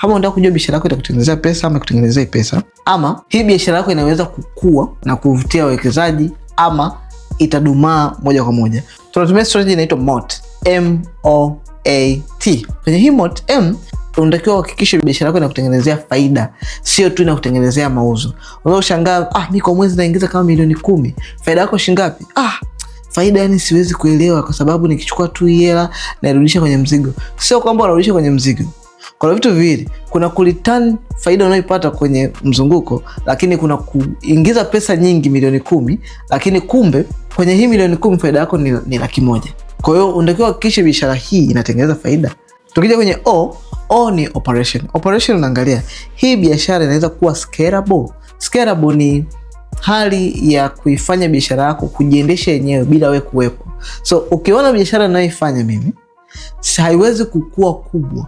Kama unataka kujua biashara yako itakutengenezea pesa ama kutengenezea pesa, ama hii biashara yako inaweza kukua na kuvutia wawekezaji ama itadumaa moja kwa moja, tunatumia strategy inaitwa MOT, M O A T. Kwenye hii MOT M unatakiwa uhakikishe biashara yako inakutengenezea faida, sio tu inakutengenezea mauzo. Unaweza kushangaa, ah, mi kwa mwezi naingiza kama milioni kumi. Faida yako shingapi? Ah, faida yani siwezi kuelewa, kwa sababu nikichukua tu hii hela nairudisha kwenye mzigo. Sio kwamba unarudisha kwenye mzigo kuna vitu viwili, kuna kureturn faida unayoipata kwenye mzunguko, lakini kuna kuingiza pesa nyingi milioni kumi, lakini kumbe kwenye hii milioni kumi faida yako ni, ni laki moja. Kwa hiyo unatakiwa uhakikishe biashara hii inatengeneza faida. Tukija kwenye o, o ni operation. Operation unaangalia hii biashara inaweza kuwa scalable. Scalable ni hali ya kuifanya biashara yako kujiendesha yenyewe bila we kuwepo. So ukiona biashara inayoifanya mimi haiwezi kukua kubwa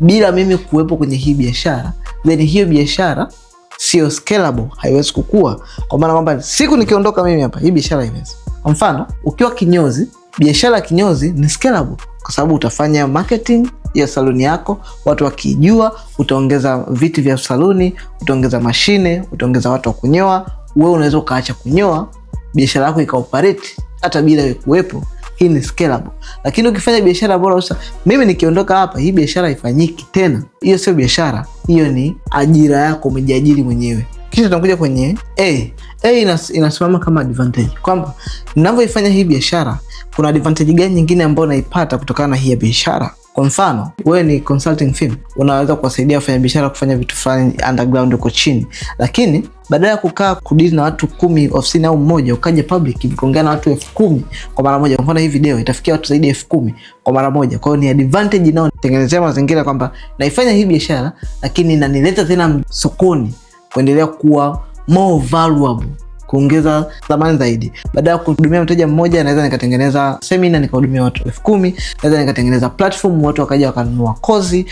bila mimi kuwepo kwenye hii biashara, then hiyo biashara sio scalable, haiwezi kukua, kwa maana kwamba siku nikiondoka mimi hapa, hii biashara iwezi. Kwa mfano, ukiwa kinyozi, biashara ya kinyozi ni scalable kwa sababu utafanya marketing ya saluni yako, watu wakijua, utaongeza viti vya saluni, utaongeza mashine, utaongeza watu wa kunyoa. Wewe unaweza ukaacha kunyoa, biashara yako ikaoperate hata bila kuwepo hii ni scalable. Lakini ukifanya biashara bora, sasa mimi nikiondoka hapa, hii biashara haifanyiki tena, hiyo sio biashara, hiyo ni ajira yako, umejiajiri mwenyewe. Kisha tunakuja kwenye A. A inas, inasimama kama advantage kwamba ninavyoifanya hii biashara, kuna advantage gani nyingine ambayo naipata kutokana na hii biashara. Kwa mfano wewe ni consulting firm, unaweza kuwasaidia wafanyabiashara kufanya vitu fulani underground huko chini, lakini badala ya kukaa kudili na watu kumi ofisini au mmoja, ukaja public mkiongea na watu elfu kumi kwa mara moja. Mfano hii video itafikia watu zaidi ya elfu kumi kwa mara moja. Kwa hiyo ni advantage nitengenezea mazingira kwamba naifanya hii biashara, lakini nanileta tena sokoni kuendelea kuwa more valuable kuongeza thamani zaidi. Baada ya kuhudumia mteja mmoja, naweza nikatengeneza semina nikahudumia watu elfu kumi. Naweza nikatengeneza platform watu wakaja wakanunua kozi.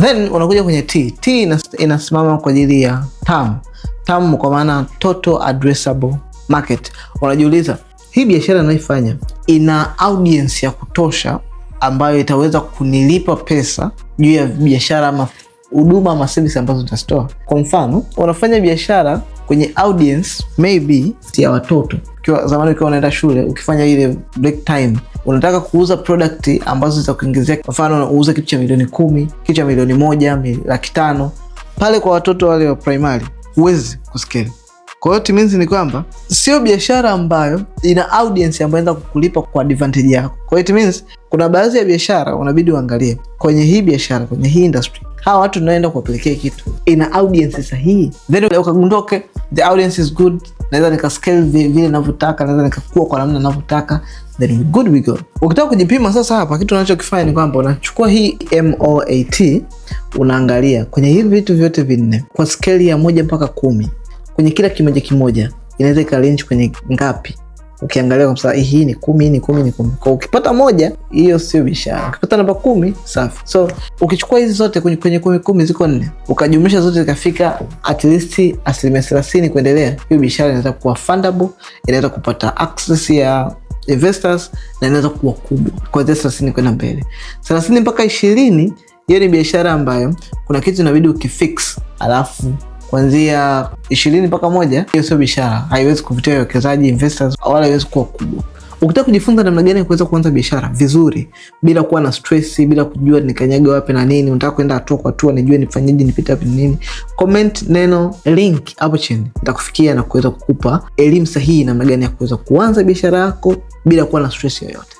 Then unakuja kwenye T. T inasimama kwa ajili ya term tamu, kwa maana total addressable market. Unajiuliza, hii biashara inayoifanya ina audience ya kutosha ambayo itaweza kunilipa pesa juu ya biashara ama huduma ama service ambazo tutazitoa. Kwa mfano, unafanya biashara kwenye audience maybe ya watoto. Kwa zamani, ukiwa unaenda shule, ukifanya ile break time, unataka kuuza product ambazo zitakuongezea, kwa mfano, uuze kitu cha milioni kumi, kitu cha milioni moja, laki tano pale kwa watoto wale wa primary huwezi kuskeli Kwa hiyo means ni kwamba sio biashara ambayo ina audience ambayo inaweza kukulipa kwa advantage yako. Kwa hiyo means kuna baadhi ya biashara unabidi uangalie kwenye hii biashara, kwenye hii industry, hawa watu tunaenda kuwapelekea kitu ina audience sahihi, then okay, the audience is good naweza scale vile ninavyotaka, naweza nikakua kwa namna ninavyotaka, then good we go. Ukitaka kujipima sasa, hapa kitu unachokifanya ni kwamba unachukua hii MOAT, unaangalia kwenye hivi vitu vyote vinne kwa scale ya moja mpaka kumi, kwenye kila kimoja kimoja inaweza ikarange kwenye ngapi? ukiangalia kwa sababu hii ni kumi, hii ni kumi, ni kumi. Kwa ukipata moja hiyo sio biashara, ukipata namba kumi safi. So ukichukua hizi zote kwenye, kwenye kumi kumi ziko nne, ukajumlisha zote zikafika at least asilimia thelathini kuendelea, hiyo biashara inaweza kuwa fundable, inaweza kupata access ya investors na inaweza kuwa kubwa kuanzia thelathini kwenda mbele, thelathini mpaka ishirini. Hiyo ni biashara ambayo kuna kitu inabidi ukifix alafu kuanzia ishirini mpaka moja, hiyo sio biashara, haiwezi kuvutia wawekezaji investors, wala haiwezi kuwa kubwa. Ukitaka kujifunza namna gani ya kuweza kuanza biashara vizuri bila kuwa na stress, bila kujua nikanyage wapi na nini, unataka kwenda hatua kwa hatua, nijue nifanyeje, nipite wapi nini, comment neno link hapo chini, nitakufikia na kuweza kukupa elimu sahihi namna gani ya kuweza kuanza biashara yako bila kuwa na stress yoyote.